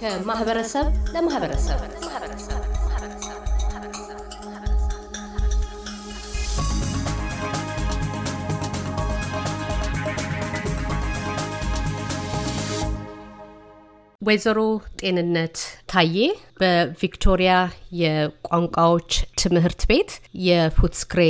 ከማህበረሰብ ለማህበረሰብ ወይዘሮ ጤንነት ታዬ በቪክቶሪያ የቋንቋዎች ትምህርት ቤት የፉትስክሬ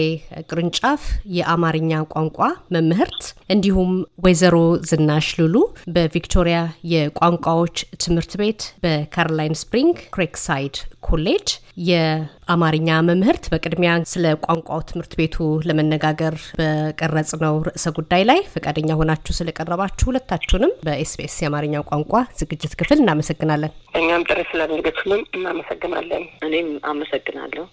ቅርንጫፍ የአማርኛ ቋንቋ መምህርት እንዲሁም ወይዘሮ ዝናሽ ሉሉ በቪክቶሪያ የቋንቋዎች ትምህርት ቤት በካሮላይን ስፕሪንግ ክሬክሳይድ ኮሌጅ የአማርኛ መምህርት። በቅድሚያ ስለ ቋንቋው ትምህርት ቤቱ ለመነጋገር በቀረጽነው ርዕሰ ጉዳይ ላይ ፈቃደኛ ሆናችሁ ስለቀረባችሁ ሁለታችሁንም በኤስቤስ የአማርኛ ቋንቋ ዝግጅት ክፍል እናመሰግናለን። እኛም ጥሪ ስላደረጋችሁልን እናመሰግናለን። እኔም አመሰግናለሁ።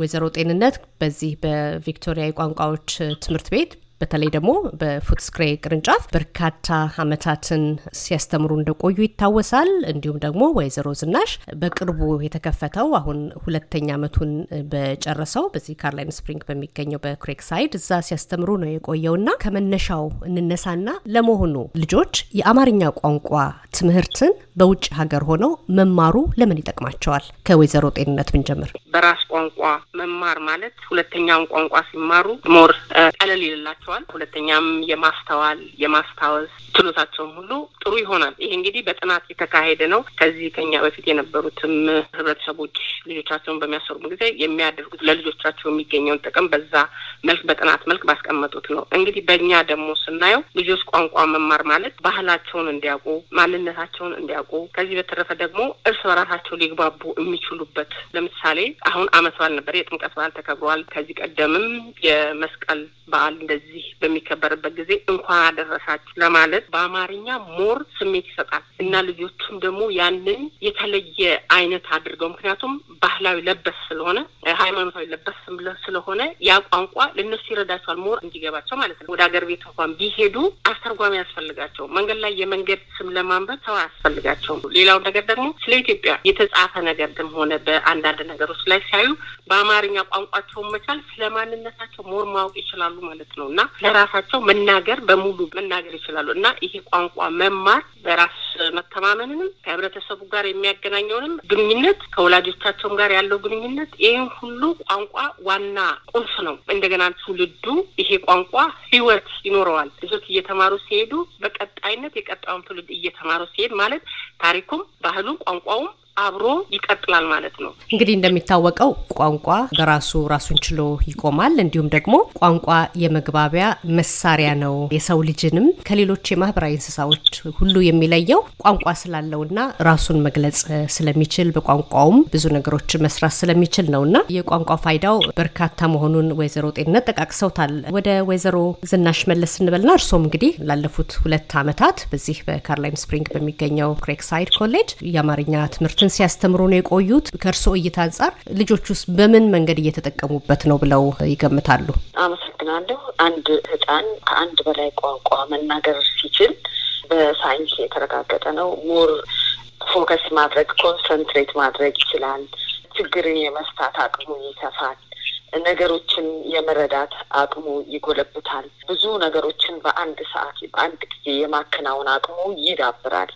ወይዘሮ ጤንነት በዚህ በቪክቶሪያ የቋንቋዎች ትምህርት ቤት በተለይ ደግሞ በፉትስክሬ ቅርንጫፍ በርካታ አመታትን ሲያስተምሩ እንደቆዩ ይታወሳል። እንዲሁም ደግሞ ወይዘሮ ዝናሽ በቅርቡ የተከፈተው አሁን ሁለተኛ አመቱን በጨረሰው በዚህ ካርላይን ስፕሪንግ በሚገኘው በክሬክ ሳይድ እዛ ሲያስተምሩ ነው የቆየው ና ከመነሻው እንነሳና ለመሆኑ ልጆች የአማርኛ ቋንቋ ትምህርትን በውጭ ሀገር ሆነው መማሩ ለምን ይጠቅማቸዋል? ከወይዘሮ ጤንነት ብንጀምር። በራስ ቋንቋ መማር ማለት ሁለተኛውን ቋንቋ ሲማሩ ሞር ቀለል ይልላቸው ይኖራቸዋል። ሁለተኛም የማስተዋል የማስታወስ ችሎታቸውም ሁሉ ጥሩ ይሆናል። ይሄ እንግዲህ በጥናት የተካሄደ ነው። ከዚህ ከኛ በፊት የነበሩትም ህብረተሰቦች ልጆቻቸውን በሚያሰሩም ጊዜ የሚያደርጉት ለልጆቻቸው የሚገኘውን ጥቅም በዛ መልክ በጥናት መልክ ባስቀመጡት ነው። እንግዲህ በእኛ ደግሞ ስናየው ልጆች ቋንቋ መማር ማለት ባህላቸውን እንዲያውቁ፣ ማንነታቸውን እንዲያውቁ ከዚህ በተረፈ ደግሞ እርስ በራሳቸው ሊግባቡ የሚችሉበት ለምሳሌ አሁን አመት በዓል ነበር፣ የጥምቀት በዓል ተከብሯል። ከዚህ ቀደምም የመስቀል በዓል እንደዚህ እንደዚህ በሚከበርበት ጊዜ እንኳን አደረሳችሁ ለማለት በአማርኛ ሞር ስሜት ይሰጣል እና ልጆቹም ደግሞ ያንን የተለየ አይነት አድርገው ምክንያቱም ባህላዊ ለበስ ስለሆነ ሃይማኖታዊ ለበስ ስለሆነ ያ ቋንቋ ለእነሱ ይረዳቸዋል ሞር እንዲገባቸው ማለት ነው። ወደ ሀገር ቤት እንኳን ቢሄዱ አስተርጓሚ ያስፈልጋቸው መንገድ ላይ የመንገድ ስም ለማንበብ ሰው አያስፈልጋቸውም። ሌላው ነገር ደግሞ ስለ ኢትዮጵያ የተጻፈ ነገር ግን ሆነ በአንዳንድ ነገሮች ላይ ሲያዩ በአማርኛ ቋንቋቸውን መቻል ስለ ማንነታቸው ሞር ማወቅ ይችላሉ ማለት ነው እና ለራሳቸው መናገር በሙሉ መናገር ይችላሉ እና ይሄ ቋንቋ መማር በራስ መተማመንንም ከህብረተሰቡ ጋር የሚያገናኘውንም ግንኙነት ከወላጆቻቸውም ጋር ያለው ግንኙነት ይህን ሁሉ ቋንቋ ዋና ቁልፍ ነው። እንደገና ትውልዱ ይሄ ቋንቋ ህይወት ይኖረዋል። ልጆች እየተማሩ ሲሄዱ በቀጣይነት የቀጣዩን ትውልድ እየተማሩ ሲሄድ ማለት ታሪኩም፣ ባህሉም፣ ቋንቋውም አብሮ ይቀጥላል ማለት ነው። እንግዲህ እንደሚታወቀው ቋንቋ በራሱ ራሱን ችሎ ይቆማል። እንዲሁም ደግሞ ቋንቋ የመግባቢያ መሳሪያ ነው። የሰው ልጅንም ከሌሎች የማህበራዊ እንስሳዎች ሁሉ የሚለየው ቋንቋ ስላለውና ራሱን መግለጽ ስለሚችል በቋንቋውም ብዙ ነገሮች መስራት ስለሚችል ነውና የቋንቋ ፋይዳው በርካታ መሆኑን ወይዘሮ ጤንነት ጠቃቅሰውታል። ወደ ወይዘሮ ዝናሽ መለስ እንበልና እርሶም እንግዲህ ላለፉት ሁለት ዓመታት በዚህ በካርላይም ስፕሪንግ በሚገኘው ክሬክ ሳይድ ኮሌጅ የአማርኛ ትምህርትን ሲያስተምሩ ነው የቆዩት። ከእርስዎ እይታ አንጻር ልጆቹስ በምን መንገድ እየተጠቀሙበት ነው ብለው ይገምታሉ? አመሰግናለሁ። አንድ ህፃን ከአንድ በላይ ቋንቋ መናገር ሲችል በሳይንስ የተረጋገጠ ነው። ሞር ፎከስ ማድረግ ኮንሰንትሬት ማድረግ ይችላል። ችግርን የመፍታት አቅሙ ይሰፋል። ነገሮችን የመረዳት አቅሙ ይጎለብታል። ብዙ ነገሮችን በአንድ ሰዓት በአንድ ጊዜ የማከናወን አቅሙ ይዳብራል።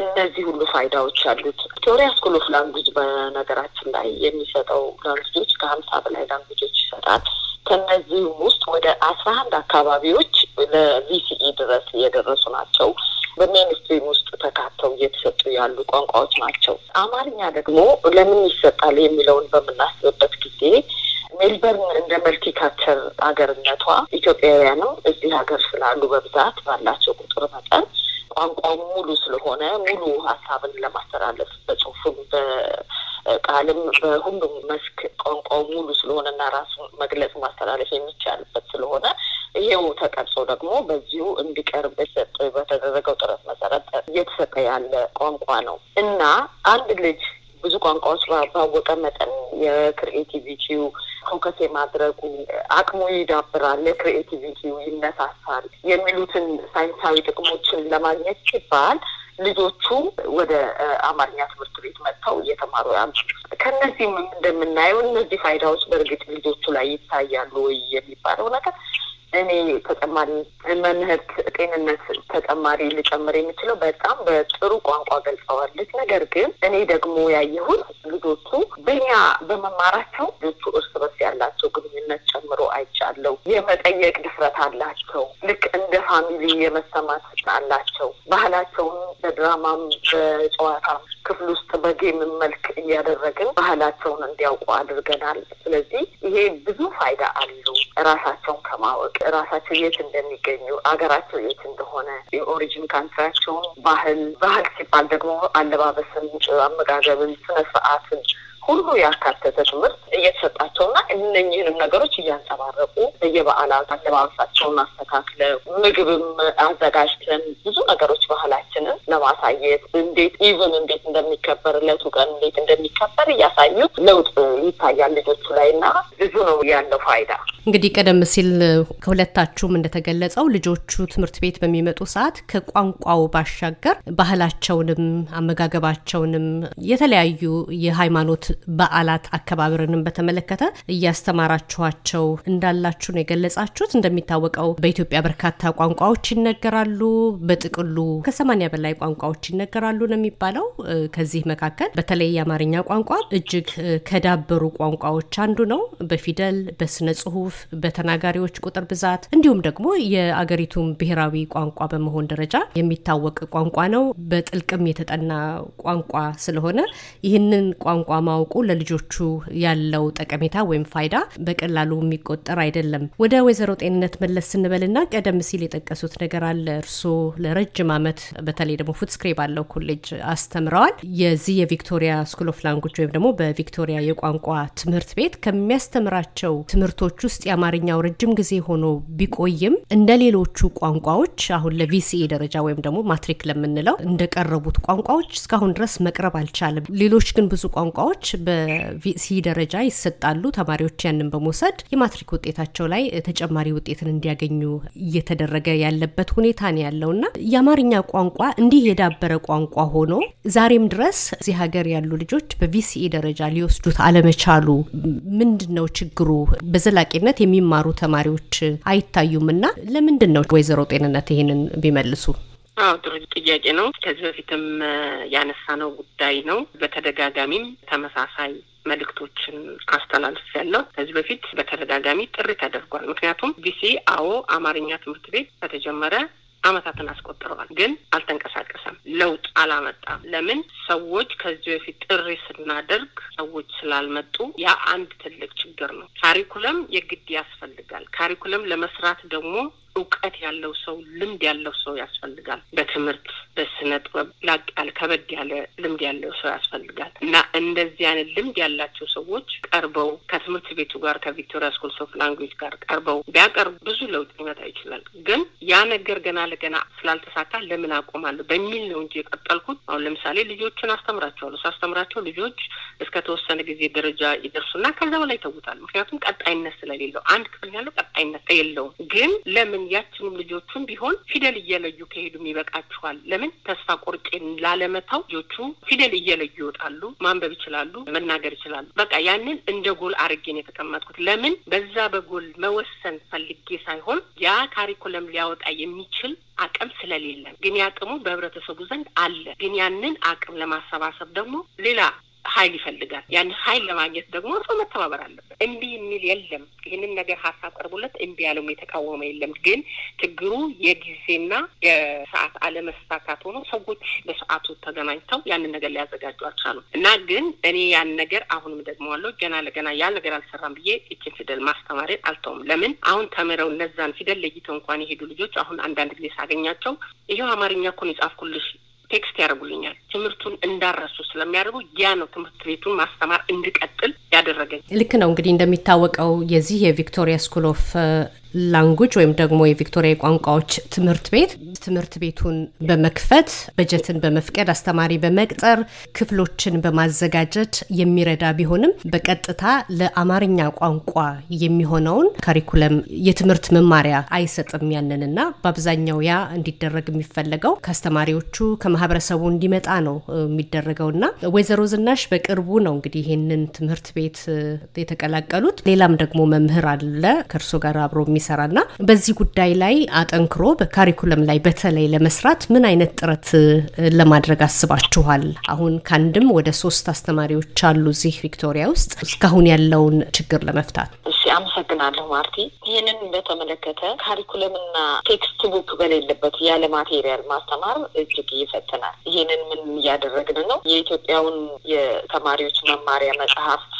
እነዚህ ሁሉ ፋይዳዎች አሉት። ቴዎሪያ ስኩል ኦፍ ላንጉጅ በነገራችን ላይ የሚሰጠው ላንጉጆች ከሀምሳ በላይ ላንጉጆች ይሰጣል። ከነዚህም ውስጥ ወደ አስራ አንድ አካባቢዎች ለቪሲኢ ድረስ እየደረሱ ናቸው። በሜንስትሪም ውስጥ ተካተው እየተሰጡ ያሉ ቋንቋዎች ናቸው። አማርኛ ደግሞ ለምን ይሰጣል የሚለውን በምናስብበት ጊዜ ሜልበርን እንደ መልቲካልቸር ሀገርነቷ ኢትዮጵያውያንም እዚህ ሀገር ስላሉ በብዛት ባላቸው ቁጥር መጠን ቋንቋው ሙሉ ስለሆነ ሙሉ ሀሳብን ለማስተላለፍ በጽሁፍም በቃልም በሁሉም መስክ ቋንቋው ሙሉ ስለሆነና ራሱ መግለጽ ማስተላለፍ የሚቻልበት ስለሆነ ይሄው ተቀርጾ ደግሞ በዚሁ እንዲቀርብ የተሰጠ በተደረገው ጥረት መሰረት እየተሰጠ ያለ ቋንቋ ነው እና አንድ ልጅ ብዙ ቋንቋዎች ባወቀ መጠን የክሪኤቲቪቲው ፎከስ የማድረጉ አቅሙ ይዳብራል፣ የክሪኤቲቪቲው ይነሳሳል የሚሉትን ሳይንሳዊ ጥቅሞችን ለማግኘት ሲባል ልጆቹ ወደ አማርኛ ትምህርት ቤት መጥተው እየተማሩ ያሉ። ከእነዚህም እንደምናየው እነዚህ ፋይዳዎች በእርግጥ ልጆቹ ላይ ይታያሉ ወይ የሚባለው ነገር እኔ ተጨማሪ መምህርት ጤንነት ተጨማሪ ልጨምር የምችለው በጣም በጥሩ ቋንቋ ገልጸዋለች። ነገር ግን እኔ ደግሞ ያየሁት ልጆቹ በኛ በመማራቸው ልጆቹ እርስ በርስ ያላቸው ግንኙነት ጨምሮ አይቻለው። የመጠየቅ ድፍረት አላቸው። ልክ እንደ ፋሚሊ የመሰማት አላቸው። ባህላቸውን በድራማም በጨዋታም ክፍል ውስጥ በጌም መልክ እያደረግን ባህላቸውን እንዲያውቁ አድርገናል። ስለዚህ ይሄ ብዙ ፋይዳ አለው ራሳቸውን ከማወቅ ራሳቸው የት እንደሚገኙ አገራቸው የት እንደሆነ የኦሪጂን ካንትራቸውን ባህል ባህል ሲባል ደግሞ አለባበስን፣ አመጋገብን፣ ስነስርዓትን ሁሉ ያካተተ ትምህርት እየተሰጣቸውና እነኝህንም ነገሮች እያንጸባረቁ በየበዓላት አለባበሳቸውን አስተካክለው ምግብም አዘጋጅተን ብዙ ነገሮች ባህላችንን ለማሳየት እንዴት ኢቨን እንዴት እንደሚከበር ለቱ ቀን እንዴት እንደሚከበር እያሳዩ ለውጥ ይታያል ልጆቹ ላይ እና ብዙ ነው ያለው ፋይዳ። እንግዲህ ቀደም ሲል ከሁለታችሁም እንደተገለጸው ልጆቹ ትምህርት ቤት በሚመጡ ሰዓት ከቋንቋው ባሻገር ባህላቸውንም አመጋገባቸውንም የተለያዩ የሃይማኖት በዓላት አከባበርንም በተመለከተ እያስተማራችኋቸው እንዳላችሁ ነው የገለጻችሁት። እንደሚታወቀው በኢትዮጵያ በርካታ ቋንቋዎች ይነገራሉ። በጥቅሉ ከሰማኒያ በላይ ቋንቋዎች ይነገራሉ ነው የሚባለው። ከዚህ መካከል በተለይ የአማርኛ ቋንቋ እጅግ ከዳበሩ ቋንቋዎች አንዱ ነው። በፊደል በስነ ጽሁፍ በተናጋሪዎች ቁጥር ብዛት እንዲሁም ደግሞ የአገሪቱም ብሔራዊ ቋንቋ በመሆን ደረጃ የሚታወቅ ቋንቋ ነው። በጥልቅም የተጠና ቋንቋ ስለሆነ ይህንን ቋንቋ ማወቁ ለልጆቹ ያለው ጠቀሜታ ወይም ፋይዳ በቀላሉ የሚቆጠር አይደለም። ወደ ወይዘሮ ጤንነት መለስ ስንበልና ቀደም ሲል የጠቀሱት ነገር አለ። እርስዎ ለረጅም ዓመት በተለይ ደግሞ ፉትስክሬ ባለው ኮሌጅ አስተምረዋል። የዚህ የቪክቶሪያ ስኩል ኦፍ ላንጉጅ ወይም ደግሞ በቪክቶሪያ የቋንቋ ትምህርት ቤት ከሚያስተምራቸው ትምህርቶች ውስጥ የአማርኛው ረጅም ጊዜ ሆኖ ቢቆይም እንደ ሌሎቹ ቋንቋዎች አሁን ለቪሲኤ ደረጃ ወይም ደግሞ ማትሪክ ለምንለው እንደቀረቡት ቋንቋዎች እስካሁን ድረስ መቅረብ አልቻለም። ሌሎች ግን ብዙ ቋንቋዎች በቪሲ ደረጃ ይሰጣሉ። ተማሪዎች ያንን በመውሰድ የማትሪክ ውጤታቸው ላይ ተጨማሪ ውጤትን እንዲያገኙ እየተደረገ ያለበት ሁኔታ ነው ያለው እና የአማርኛ ቋንቋ እንዲህ የዳበረ ቋንቋ ሆኖ ዛሬም ድረስ እዚህ ሀገር ያሉ ልጆች በቪሲኤ ደረጃ ሊወስዱት አለመቻሉ ምንድን ነው ችግሩ? በዘላቂነት ምክንያት የሚማሩ ተማሪዎች አይታዩምና ለምንድን ነው ወይዘሮ ጤንነት ይሄንን ቢመልሱ? አዎ ጥሩ ጥያቄ ነው። ከዚህ በፊትም ያነሳነው ጉዳይ ነው። በተደጋጋሚም ተመሳሳይ መልእክቶችን አስተላልፍ ያለው ከዚህ በፊት በተደጋጋሚ ጥሪ ተደርጓል። ምክንያቱም ቢሲ አዎ አማርኛ ትምህርት ቤት ከተጀመረ አመታትን አስቆጥረዋል። ግን አልተንቀሳቀሰም፣ ለውጥ አላመጣም። ለምን? ሰዎች ከዚህ በፊት ጥሪ ስናደርግ ሰዎች ስላልመጡ፣ ያ አንድ ትልቅ ችግር ነው። ካሪኩለም የግድ ያስፈልጋል። ካሪኩለም ለመስራት ደግሞ እውቀት ያለው ሰው፣ ልምድ ያለው ሰው ያስፈልጋል። በትምህርት በስነ ጥበብ ላቅ ያለ ከበድ ያለ ልምድ ያለው ሰው ያስፈልጋል እና እንደዚህ አይነት ልምድ ያላቸው ሰዎች ቀርበው ከትምህርት ቤቱ ጋር ከቪክቶሪያ ስኩል ኦፍ ላንጉጅ ጋር ቀርበው ቢያቀርቡ ብዙ ለውጥ ሊመጣ ይችላል። ግን ያ ነገር ገና ለገና ስላልተሳካ ለምን አቆማለሁ በሚል ነው እንጂ የቀጠልኩት። አሁን ለምሳሌ ልጆችን አስተምራቸዋለሁ። ሳስተምራቸው ልጆች እስከ ተወሰነ ጊዜ ደረጃ ይደርሱና ከዛ በላይ ይተውታል። ምክንያቱም ቀጣይነት ስለሌለው አንድ ክፍል ያለው ቀጣይነት የለውም። ግን ለምን ግን ያችንም ልጆቹን ቢሆን ፊደል እየለዩ ከሄዱም ይበቃችኋል። ለምን ተስፋ ቆርጬን ላለመታው ልጆቹ ፊደል እየለዩ ይወጣሉ። ማንበብ ይችላሉ፣ መናገር ይችላሉ። በቃ ያንን እንደ ጎል አርጌን የተቀመጥኩት ለምን በዛ በጎል መወሰን ፈልጌ ሳይሆን ያ ካሪኩለም ሊያወጣ የሚችል አቅም ስለሌለም ግን አቅሙ በህብረተሰቡ ዘንድ አለ። ግን ያንን አቅም ለማሰባሰብ ደግሞ ሌላ ኃይል ይፈልጋል። ያን ኃይል ለማግኘት ደግሞ እርሶ መተባበር አለበት። እምቢ የሚል የለም። ይህንን ነገር ሀሳብ ቀርቦለት እምቢ ያለውም የተቃወመ የለም። ግን ችግሩ የጊዜና የሰዓት አለመሳካት ሆኖ ሰዎች በሰዓቱ ተገናኝተው ያንን ነገር ሊያዘጋጁ አልቻሉ እና ግን እኔ ያን ነገር አሁንም ደግመዋለሁ። ገና ለገና ያን ነገር አልሰራም ብዬ እችን ፊደል ማስተማሬን አልተውም። ለምን አሁን ተምረው እነዛን ፊደል ለይተው እንኳን የሄዱ ልጆች አሁን አንዳንድ ጊዜ ሳገኛቸው ይኸው አማርኛ እኮ ነው የጻፍኩልሽ ቴክስት ያደርጉልኛል። ትምህርቱን እንዳረሱ ስለሚያደርጉ ያ ነው ትምህርት ቤቱን ማስተማር እንድቀጥል ያደረገኝ። ልክ ነው። እንግዲህ እንደሚታወቀው የዚህ የቪክቶሪያ ስኩል ኦፍ ላንጉጅ ወይም ደግሞ የቪክቶሪያ ቋንቋዎች ትምህርት ቤት ትምህርት ቤቱን በመክፈት በጀትን በመፍቀድ አስተማሪ በመቅጠር ክፍሎችን በማዘጋጀት የሚረዳ ቢሆንም በቀጥታ ለአማርኛ ቋንቋ የሚሆነውን ካሪኩለም የትምህርት መማሪያ አይሰጥም። ያንንና በአብዛኛው ያ እንዲደረግ የሚፈለገው ከአስተማሪዎቹ ከማህበረሰቡ እንዲመጣ ነው የሚደረገውና ወይዘሮ ዝናሽ በቅርቡ ነው እንግዲህ ይህንን ትምህርት ቤት የተቀላቀሉት። ሌላም ደግሞ መምህር አለ ከእርሶ ጋር አብሮ የሚሰ ይሰራና በዚህ ጉዳይ ላይ አጠንክሮ በካሪኩለም ላይ በተለይ ለመስራት ምን አይነት ጥረት ለማድረግ አስባችኋል? አሁን ከአንድም ወደ ሶስት አስተማሪዎች አሉ እዚህ ቪክቶሪያ ውስጥ እስካሁን ያለውን ችግር ለመፍታት። እሺ፣ አመሰግናለሁ ማርቲ። ይህንን በተመለከተ ካሪኩለምና ቴክስት ቡክ በሌለበት ያለ ማቴሪያል ማስተማር እጅግ ይፈትናል። ይህንን ምን እያደረግን ነው? የኢትዮጵያውን የተማሪዎች መማሪያ መጽሐፍት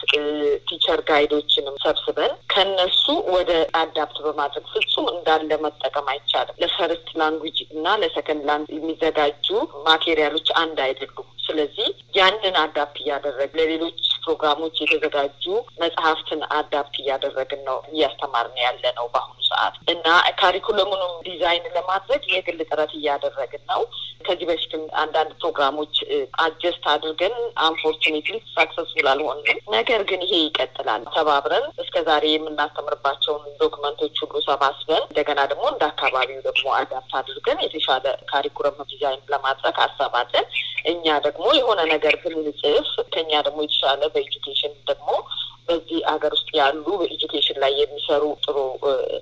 ቲቸር ጋይዶችንም ሰብስበን ከነሱ ወደ አዳፕት በማድረግ ፍጹም እንዳለ መጠቀም አይቻልም። ለፈርስት ላንጉጅ እና ለሰከንድ ላንጉጅ የሚዘጋጁ ማቴሪያሎች አንድ አይደሉም። ስለዚህ ያንን አዳፕት እያደረግ ለሌሎች ፕሮግራሞች የተዘጋጁ መጽሐፍትን አዳፕት እያደረግን ነው እያስተማርን ያለ ነው በአሁኑ ሰዓት እና ካሪኩለሙንም ዲዛይን ለማድረግ የግል ጥረት እያደረግን ነው። ከዚህ በፊትም አንዳንድ ፕሮግራሞች አጀስት አድርገን አንፎርቹኔትሊ ሳክሰስፉል አልሆንም። ነገር ግን ይሄ ይቀጥላል። ተባብረን እስከ ዛሬ የምናስተምርባቸውን ዶክመንቶች ሁሉ ሰባስበን እንደገና ደግሞ እንደ አካባቢው ደግሞ አዳፕት አድርገን የተሻለ ካሪኩለም ዲዛይን ለማድረግ አሰባለን እኛ ደግሞ የሆነ ነገር ብንጽፍ ከኛ ደግሞ የተሻለ በኤጁኬሽን ደግሞ በዚህ ሀገር ውስጥ ያሉ በኤጁኬሽን ላይ የሚሰሩ ጥሩ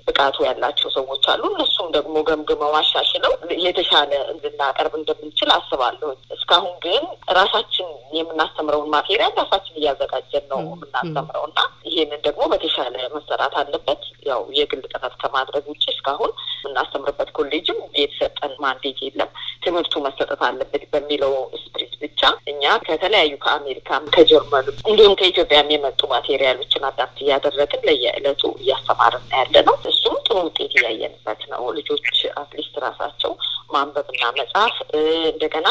ብቃቱ ያላቸው ሰዎች አሉ። እነሱም ደግሞ ገምግመው አሻሽለው የተሻለ ልናቀርብ እንደምንችል አስባለሁ። እስካሁን ግን ራሳችን የምናስተምረውን ማቴሪያል ራሳችን እያዘጋጀን ነው የምናስተምረው እና ይሄንን ደግሞ በተሻለ መሰራት አለበት። ያው የግል ጥረት ከማድረግ ውጭ እስካሁን የምናስተምርበት ኮሌጅም የተሰጠን ማንዴት የለም። ትምህርቱ መሰጠት አለበት በሚለው ስፕሪት ብቻ እኛ ከተለያዩ ከአሜሪካም ከጀርመንም እንዲሁም ከኢትዮጵያም የመጡ ማቴሪያል ማቴሪያሎችን አዳፕት እያደረግን ለየዕለቱ እያስተማርን ያለ ነው። እሱም ጥሩ ውጤት እያየንበት ነው። ልጆች አትሊስት ራሳቸው ማንበብና መጽሐፍ እንደገና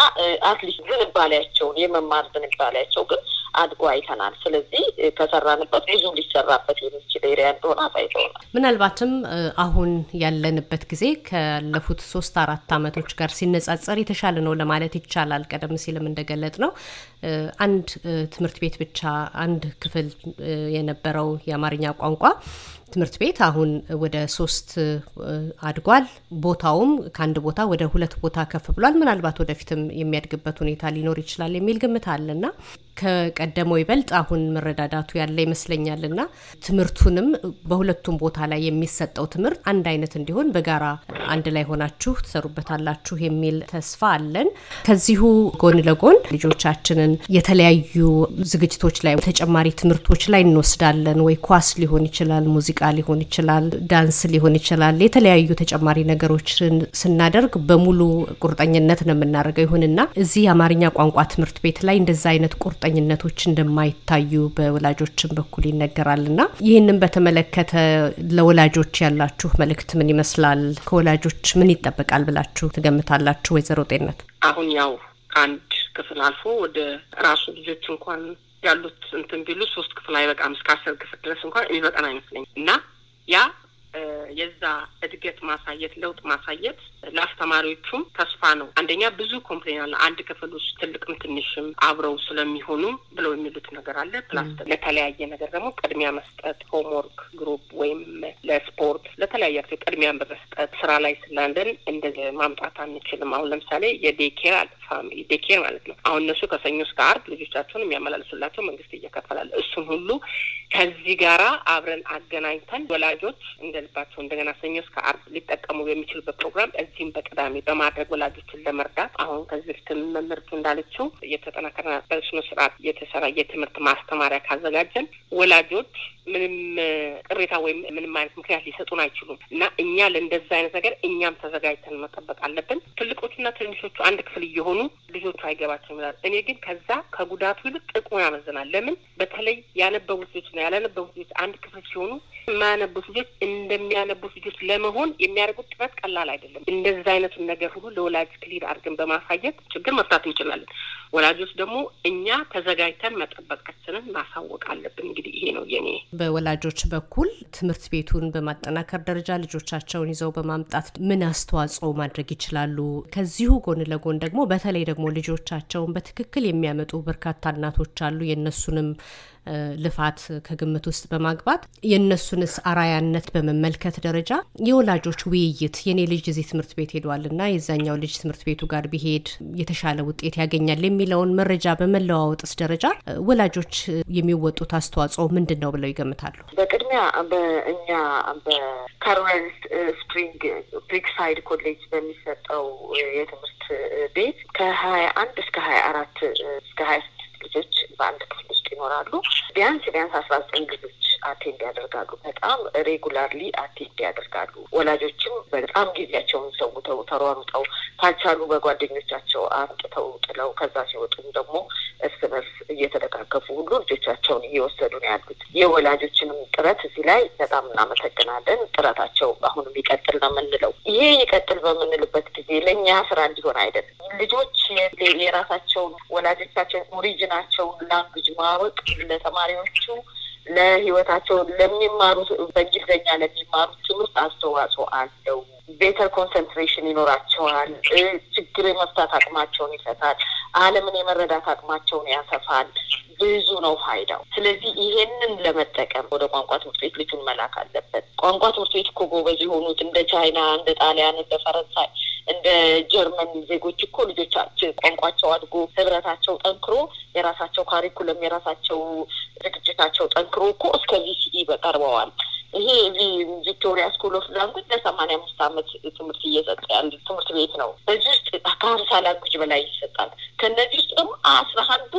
አትሊስት ዝንባሌያቸውን የመማር ዝንባሌያቸው ግን አድጎ አይተናል። ስለዚህ ከሰራንበት ብዙ ሊሰራበት የሚችል ኤሪያ እንደሆነ አሳይተውናል። ምናልባትም አሁን ያለንበት ጊዜ ካለፉት ሶስት አራት አመቶች ጋር ሲነጻጸር የተሻለ ነው ለማለት ይቻላል። ቀደም ሲልም እንደገለጥ ነው አንድ ትምህርት ቤት ብቻ አንድ ክፍል የነበረው የአማርኛ ቋንቋ ትምህርት ቤት አሁን ወደ ሶስት አድጓል። ቦታውም ከአንድ ቦታ ወደ ሁለት ቦታ ከፍ ብሏል። ምናልባት ወደፊትም የሚያድግበት ሁኔታ ሊኖር ይችላል የሚል ግምት አለና ከቀደመው ይበልጥ አሁን መረዳዳቱ ያለ ይመስለኛልና ትምህርቱንም በሁለቱም ቦታ ላይ የሚሰጠው ትምህርት አንድ አይነት እንዲሆን በጋራ አንድ ላይ ሆናችሁ ትሰሩበታላችሁ የሚል ተስፋ አለን። ከዚሁ ጎን ለጎን ልጆቻችንን የተለያዩ ዝግጅቶች ላይ ተጨማሪ ትምህርቶች ላይ እንወስዳለን ወይ ኳስ ሊሆን ይችላል ሙዚቃ ሙዚቃ ሊሆን ይችላል፣ ዳንስ ሊሆን ይችላል። የተለያዩ ተጨማሪ ነገሮችን ስናደርግ በሙሉ ቁርጠኝነት ነው የምናደርገው። ይሁንና እዚህ የአማርኛ ቋንቋ ትምህርት ቤት ላይ እንደዛ አይነት ቁርጠኝነቶች እንደማይታዩ በወላጆችን በኩል ይነገራል። እና ይህንን በተመለከተ ለወላጆች ያላችሁ መልእክት ምን ይመስላል? ከወላጆች ምን ይጠበቃል ብላችሁ ትገምታላችሁ? ወይዘሮ ጤነት አሁን ያው ከአንድ ክፍል አልፎ ወደ ራሱ ልጆች እንኳን ያሉት እንትን ቢሉ ሶስት ክፍል አይበቃም። እስከ አስር ክፍል ድረስ እንኳን የሚበቃን አይመስለኝም እና ያ የዛ እድገት ማሳየት ለውጥ ማሳየት ለአስተማሪዎቹም ተስፋ ነው። አንደኛ ብዙ ኮምፕሌን አለ። አንድ ክፍል ውስጥ ትልቅም ትንሽም አብረው ስለሚሆኑ ብለው የሚሉት ነገር አለ። ፕላስ ለተለያየ ነገር ደግሞ ቅድሚያ መስጠት፣ ሆምወርክ ግሩፕ ወይም ለስፖርት ለተለያየ አክቲ ቅድሚያ በመስጠት ስራ ላይ ስላንደን እንደዚህ ማምጣት አንችልም። አሁን ለምሳሌ የዴኬር ፋሚሊ ዴኬር ማለት ነው። አሁን እነሱ ከሰኞ እስከ አርብ ልጆቻቸውን የሚያመላልሱላቸው መንግስት እየከፈላል እሱን ሁሉ ከዚህ ጋራ አብረን አገናኝተን ወላጆች እንደልባቸው እንደገና ሰኞ እስከ አርብ ሊጠቀሙ የሚችሉበት ፕሮግራም እዚህም በቅዳሜ በማድረግ ወላጆችን ለመርዳት አሁን ከዚህ በፊትም መምህርቱ እንዳለችው የተጠናከረ በስነ ስርዓት የተሰራ የትምህርት ማስተማሪያ ካዘጋጀን ወላጆች ምንም ቅሬታ ወይም ምንም አይነት ምክንያት ሊሰጡን አይችሉም እና እኛ ለእንደዛ አይነት ነገር እኛም ተዘጋጅተን መጠበቅ አለብን። ትልቆቹና ትንሾቹ አንድ ክፍል እየሆኑ ልጆቹ አይገባቸውም ይላል። እኔ ግን ከዛ ከጉዳቱ ይልቅ ጥቅሙ ያመዝናል። ለምን በተለይ ያነበቡት ልጆችና ያላነበቡት ልጆች አንድ ክፍል ሲሆኑ የማያነቡት ልጆች እንደሚያነቡት ልጆች ለመሆን የሚያደርጉት ጥረት ቀላል አይደለም። እንደዛ አይነቱን ነገር ሁሉ ለወላጅ ክሊር አድርገን በማሳየት ችግር መፍታት እንችላለን። ወላጆች ደግሞ እኛ ተዘጋጅተን መጠበቃችንን ማሳወቅ አለብን። እንግዲህ ይሄ ነው የኔ በወላጆች በኩል ትምህርት ቤቱን በማጠናከር ደረጃ ልጆቻቸውን ይዘው በማምጣት ምን አስተዋጽኦ ማድረግ ይችላሉ? ከዚሁ ጎን ለጎን ደግሞ በተለይ ደግሞ ልጆቻቸውን በትክክል የሚያመጡ በርካታ እናቶች አሉ። የእነሱንም ልፋት ከግምት ውስጥ በማግባት የእነሱንስ አራያነት በመመልከት ደረጃ የወላጆች ውይይት የኔ ልጅ እዚህ ትምህርት ቤት ሄዷልና የዛኛው ልጅ ትምህርት ቤቱ ጋር ቢሄድ የተሻለ ውጤት ያገኛል የሚለውን መረጃ በመለዋወጥስ ደረጃ ወላጆች የሚወጡት አስተዋጽኦ ምንድን ነው ብለው ይገምታሉ? በቅድሚያ በእኛ በካርወንስ ስፕሪንግ ብሪክሳይድ ኮሌጅ በሚሰጠው የትምህርት ቤት ከሀያ አንድ እስከ ሀያ አራት እስከ ሀያ ልጆች በአንድ ክፍል ውስጥ ይኖራሉ። ቢያንስ ቢያንስ አስራ ዘጠኝ ልጆች አቴንድ ያደርጋሉ። በጣም ሬጉላርሊ አቴንድ ያደርጋሉ። ወላጆችም በጣም ጊዜያቸውን ሰውተው ተሯሩጠው ካልቻሉ በጓደኞቻቸው አምጥተው ጥለው ከዛ ሲወጡም ደግሞ እርስ በርስ እየተደጋገፉ ሁሉ ልጆቻቸውን እየወሰዱ ነው ያሉት። የወላጆችንም ጥረት እዚህ ላይ በጣም እናመሰግናለን። ጥረታቸው አሁንም ይቀጥል ነው የምንለው። ይሄ ይቀጥል በምንልበት ጊዜ ለእኛ ስራ እንዲሆን አይደለም። ልጆች የራሳቸውን ወላጆቻቸውን ኦሪጅናቸውን ላንጉጅ ማወቅ ለተማሪዎቹ ለህይወታቸው ለሚማሩት በእንግሊዝኛ ለሚማሩት ትምህርት አስተዋጽኦ አለው። ቤተር ኮንሰንትሬሽን ይኖራቸዋል። ችግር የመፍታት አቅማቸውን ይፈታል። ዓለምን የመረዳት አቅማቸውን ያሰፋል። ብዙ ነው ፋይዳው። ስለዚህ ይሄንን ለመጠቀም ወደ ቋንቋ ትምህርት ቤት ልጁን መላክ አለበት። ቋንቋ ትምህርት ቤት እኮ ጎበዝ የሆኑት እንደ ቻይና፣ እንደ ጣሊያን፣ እንደ ፈረንሳይ እንደ ጀርመን ዜጎች እኮ ልጆቻቸው ቋንቋቸው አድጎ ህብረታቸው ጠንክሮ የራሳቸው ካሪኩለም የራሳቸው ዝግጅታቸው ጠንክሮ እኮ እስከዚህ ቪሲኢ በቀርበዋል። ይሄ እዚህ ቪክቶሪያ ስኩል ኦፍ ላንጉጅ ለሰማንያ አምስት ዓመት ትምህርት እየሰጠ ያለ ትምህርት ቤት ነው። በዚህ ውስጥ ከሀምሳ ላንጉጅ በላይ ይሰጣል። ከእነዚህ ውስጥ ደግሞ አስራ አንዱ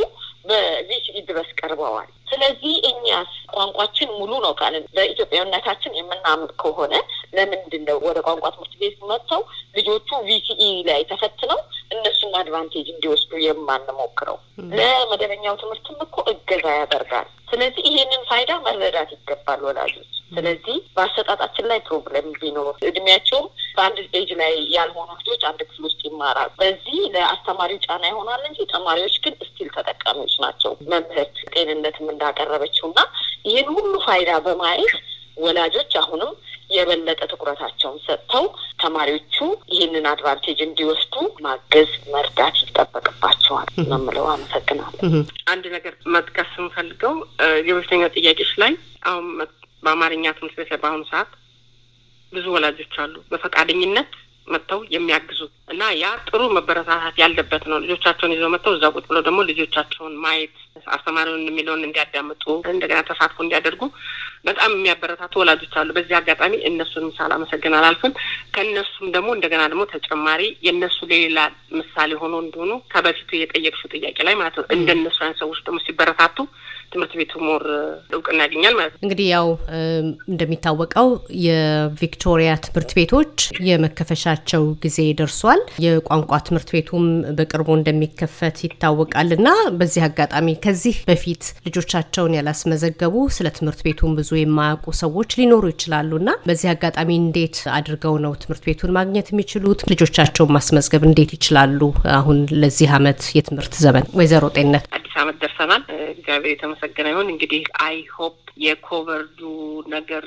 በዚች ድረስ ቀርበዋል። ስለዚህ እኛስ ቋንቋችን ሙሉ ነው ካልን በኢትዮጵያዊነታችን የምናምን ከሆነ ለምንድን ነው ወደ ቋንቋ ትምህርት ቤት መጥተው ልጆቹ ቪሲኢ ላይ ተፈትነው እነሱም አድቫንቴጅ እንዲወስዱ የማንሞክረው? ለመደበኛው ትምህርትም እኮ እገዛ ያደርጋል። ስለዚህ ይህንን ፋይዳ መረዳት ይገባል ወላጆች። ስለዚህ በአሰጣጣችን ላይ ፕሮብለም ቢኖር እድሜያቸውም በአንድ ኤጅ ላይ ያልሆኑ ልጆች አንድ ክፍል ውስጥ ይማራል። በዚህ ለአስተማሪው ጫና ይሆናል እንጂ ተማሪዎች ግን ተጠቃሚዎች ናቸው። መምህርት ጤንነትም እንዳቀረበችው እና ይህን ሁሉ ፋይዳ በማየት ወላጆች አሁንም የበለጠ ትኩረታቸውን ሰጥተው ተማሪዎቹ ይህንን አድቫንቴጅ እንዲወስዱ ማገዝ፣ መርዳት ይጠበቅባቸዋል ነው የምለው። አመሰግናለሁ። አንድ ነገር መጥቀስ የምፈልገው የበሽተኛ ጥያቄች ላይ አሁን በአማርኛ ትምህርት ቤት በአሁኑ ሰዓት ብዙ ወላጆች አሉ በፈቃደኝነት መጥተው የሚያግዙ እና ያ ጥሩ መበረታታት ያለበት ነው። ልጆቻቸውን ይዘው መጥተው እዛ ቁጭ ብለው ደግሞ ልጆቻቸውን ማየት አስተማሪውን የሚለውን እንዲያዳምጡ እንደገና ተሳትፎ እንዲያደርጉ በጣም የሚያበረታቱ ወላጆች አሉ። በዚህ አጋጣሚ እነሱን ምሳል አመሰግን አላልፍም። ከእነሱም ደግሞ እንደገና ደግሞ ተጨማሪ የእነሱ ሌላ ምሳሌ ሆኖ እንደሆኑ ከበፊቱ የጠየቅሽው ጥያቄ ላይ ማለት ነው እንደነሱ አይነት ሰዎች ደግሞ ሲበረታቱ ትምህርት ቤቱ ሞር እውቅና ያገኛል ማለት ነው። እንግዲህ ያው እንደሚታወቀው የቪክቶሪያ ትምህርት ቤቶች የመከፈሻቸው ጊዜ ደርሷል። የቋንቋ ትምህርት ቤቱም በቅርቡ እንደሚከፈት ይታወቃል እና በዚህ አጋጣሚ ከዚህ በፊት ልጆቻቸውን ያላስመዘገቡ ስለ ትምህርት ቤቱም ብዙ የማያውቁ ሰዎች ሊኖሩ ይችላሉ እና በዚህ አጋጣሚ እንዴት አድርገው ነው ትምህርት ቤቱን ማግኘት የሚችሉት? ልጆቻቸውን ማስመዝገብ እንዴት ይችላሉ? አሁን ለዚህ አመት የትምህርት ዘመን ወይዘሮ ጤንነት አመት ደርሰናል። እግዚአብሔር የተመሰገነ ይሁን። እንግዲህ አይ ሆፕ የኮቨርዱ ነገር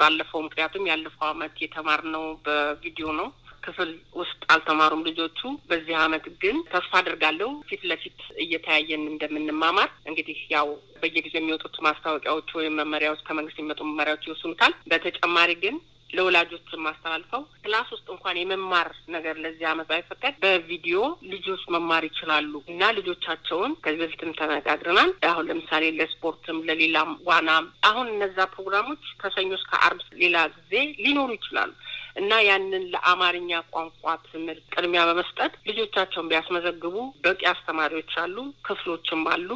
ባለፈው ምክንያቱም ያለፈው አመት የተማርነው በቪዲዮ ነው ክፍል ውስጥ አልተማሩም ልጆቹ። በዚህ አመት ግን ተስፋ አድርጋለሁ ፊት ለፊት እየተያየን እንደምንማማር። እንግዲህ ያው በየጊዜው የሚወጡት ማስታወቂያዎች ወይም መመሪያዎች ከመንግስት የሚመጡ መመሪያዎች ይወስኑታል። በተጨማሪ ግን ለወላጆች የማስተላልፈው ክላስ ውስጥ እንኳን የመማር ነገር ለዚህ አመት ባይፈቀድ በቪዲዮ ልጆች መማር ይችላሉ እና ልጆቻቸውን ከዚህ በፊትም ተነጋግረናል። አሁን ለምሳሌ ለስፖርትም፣ ለሌላም ዋናም አሁን እነዛ ፕሮግራሞች ከሰኞ እስከ አርብ ሌላ ጊዜ ሊኖሩ ይችላሉ። እና ያንን ለአማርኛ ቋንቋ ትምህርት ቅድሚያ በመስጠት ልጆቻቸውን ቢያስመዘግቡ በቂ አስተማሪዎች አሉ፣ ክፍሎችም አሉ።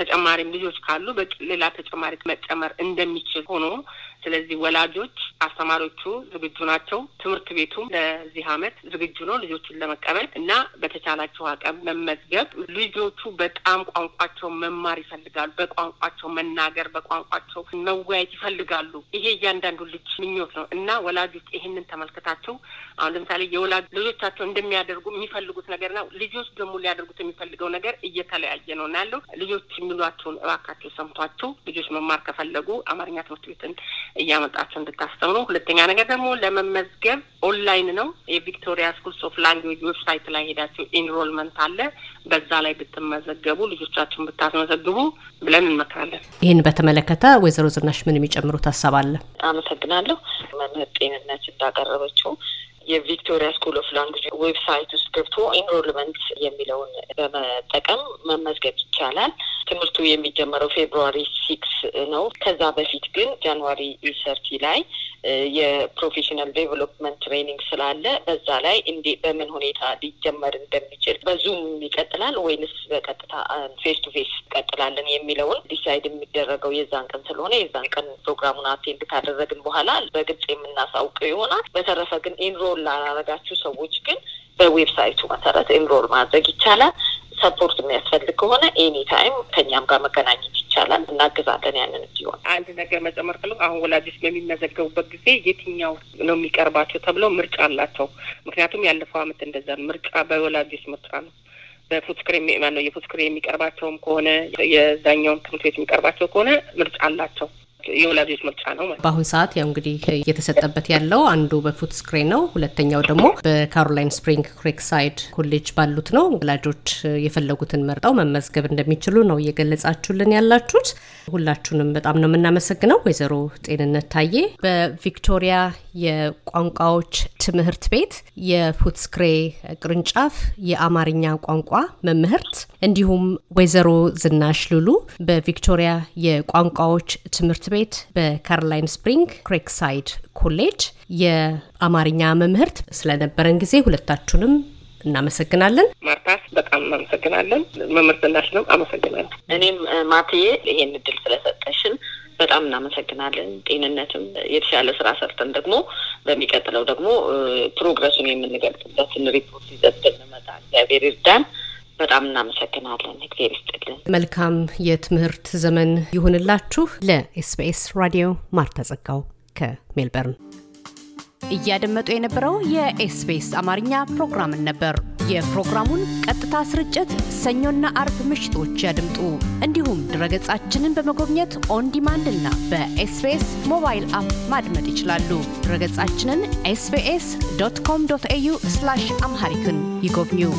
ተጨማሪም ልጆች ካሉ በቂ ሌላ ተጨማሪ መጨመር እንደሚችል ሆኖ ስለዚህ ወላጆች፣ አስተማሪዎቹ ዝግጁ ናቸው። ትምህርት ቤቱም ለዚህ አመት ዝግጁ ነው ልጆችን ለመቀበል እና በተቻላቸው አቅም መመዝገብ። ልጆቹ በጣም ቋንቋቸው መማር ይፈልጋሉ። በቋንቋቸው መናገር፣ በቋንቋቸው መወያየት ይፈልጋሉ። ይሄ እያንዳንዱ ልጅ ምኞት ነው እና ወላጆች ይህንን ተመልክታችሁ አሁን ለምሳሌ የወላጅ ልጆቻቸው እንደሚያደርጉ የሚፈልጉት ነገር ነው። ልጆች ደግሞ ሊያደርጉት የሚፈልገው ነገር እየተለያየ ነው እና ያለው ልጆች የሚሏቸውን እባካችሁ ሰምቷችሁ ልጆች መማር ከፈለጉ አማርኛ ትምህርት ቤትን እያመጣችሁ እንድታስተምሩ። ሁለተኛ ነገር ደግሞ ለመመዝገብ ኦንላይን ነው። የቪክቶሪያ ስኩልስ ኦፍ ላንጉዌጅ ዌብሳይት ላይ ሄዳችሁ ኢንሮልመንት አለ በዛ ላይ ብትመዘገቡ ልጆቻችሁን ብታስመዘግቡ ብለን እንመክራለን። ይህን በተመለከተ ወይዘሮ ዝናሽ ምን የሚጨምሩት ሀሳብ አለ? አመሰግናለሁ። መምህር ጤንነት እንዳቀረበችው የቪክቶሪያ ስኩል ኦፍ ላንግጅ ዌብሳይት ውስጥ ገብቶ ኢንሮልመንት የሚለውን በመጠቀም መመዝገብ ይቻላል። ትምህርቱ የሚጀመረው ፌብሩዋሪ ሲክስ ነው። ከዛ በፊት ግን ጃንዋሪ ሰርቲ ላይ የፕሮፌሽናል ዴቨሎፕመንት ትሬኒንግ ስላለ በዛ ላይ እንዴ በምን ሁኔታ ሊጀመር እንደሚችል በዙም ይቀጥላል ወይንስ በቀጥታ ፌስ ቱ ፌስ ቀጥላለን የሚለውን ዲሳይድ የሚደረገው የዛን ቀን ስለሆነ የዛን ቀን ፕሮግራሙን አቴንድ ካደረግን በኋላ በግልጽ የምናሳውቀው ይሆናል። በተረፈ ግን ኢንሮል ኢንሮል ላላረጋችሁ ሰዎች ግን በዌብሳይቱ መሰረት ኢንሮል ማድረግ ይቻላል። ሰፖርት የሚያስፈልግ ከሆነ ኤኒ ታይም ከእኛም ጋር መገናኘት ይቻላል። እናግዛለን ያንን እንዲሆን። አንድ ነገር መጨመር ፈለ አሁን ወላጆች በሚመዘገቡበት ጊዜ የትኛው ነው የሚቀርባቸው ተብሎ ምርጫ አላቸው። ምክንያቱም ያለፈው አመት እንደዛ ምርጫ በወላጆች ምርጫ ነው። በፉትክር ነው የፉትክር የሚቀርባቸውም ከሆነ የዛኛውን ትምህርት ቤት የሚቀርባቸው ከሆነ ምርጫ አላቸው። የወላጆች ምርጫ ነው ማለት። በአሁን ሰዓት ያው እንግዲህ እየተሰጠበት ያለው አንዱ በፉት ስክሬን ነው፣ ሁለተኛው ደግሞ በካሮላይን ስፕሪንግ ክሬክሳይድ ኮሌጅ ባሉት ነው። ወላጆች የፈለጉትን መርጠው መመዝገብ እንደሚችሉ ነው እየገለጻችሁልን ያላችሁት። ሁላችሁንም በጣም ነው የምናመሰግነው። ወይዘሮ ጤንነት ታዬ በቪክቶሪያ የቋንቋዎች ትምህርት ቤት የፉትስክሬ ቅርንጫፍ የአማርኛ ቋንቋ መምህርት፣ እንዲሁም ወይዘሮ ዝናሽ ሉሉ በቪክቶሪያ የቋንቋዎች ትምህርት ቤት ቤት በካሮላይን ስፕሪንግ ክሬክሳይድ ኮሌጅ የአማርኛ መምህርት ስለነበረን ጊዜ ሁለታችሁንም እናመሰግናለን። ማርታስ በጣም እናመሰግናለን መምህርት ነው አመሰግናለን። እኔም ማትዬ ይሄን እድል ስለሰጠሽን በጣም እናመሰግናለን። ጤንነትም የተሻለ ስራ ሰርተን ደግሞ በሚቀጥለው ደግሞ ፕሮግረሱን የምንገልጽበትን ሪፖርት ይዘን እንመጣ። እግዚአብሔር ይርዳን። በጣም እናመሰግናለን። እግዜር ይስጥልን። መልካም የትምህርት ዘመን ይሁንላችሁ። ለኤስቢኤስ ራዲዮ ማርታ ጸጋው ከሜልበርን እያደመጡ የነበረው የኤስቢኤስ አማርኛ ፕሮግራምን ነበር። የፕሮግራሙን ቀጥታ ስርጭት ሰኞና አርብ ምሽቶች ያድምጡ። እንዲሁም ድረገጻችንን በመጎብኘት ኦን ዲማንድ እና በኤስቢኤስ ሞባይል አፕ ማድመጥ ይችላሉ። ድረገጻችንን ኤስቢኤስ ዶት ኮም ዶት ኤዩ አምሃሪክን ይጎብኙ።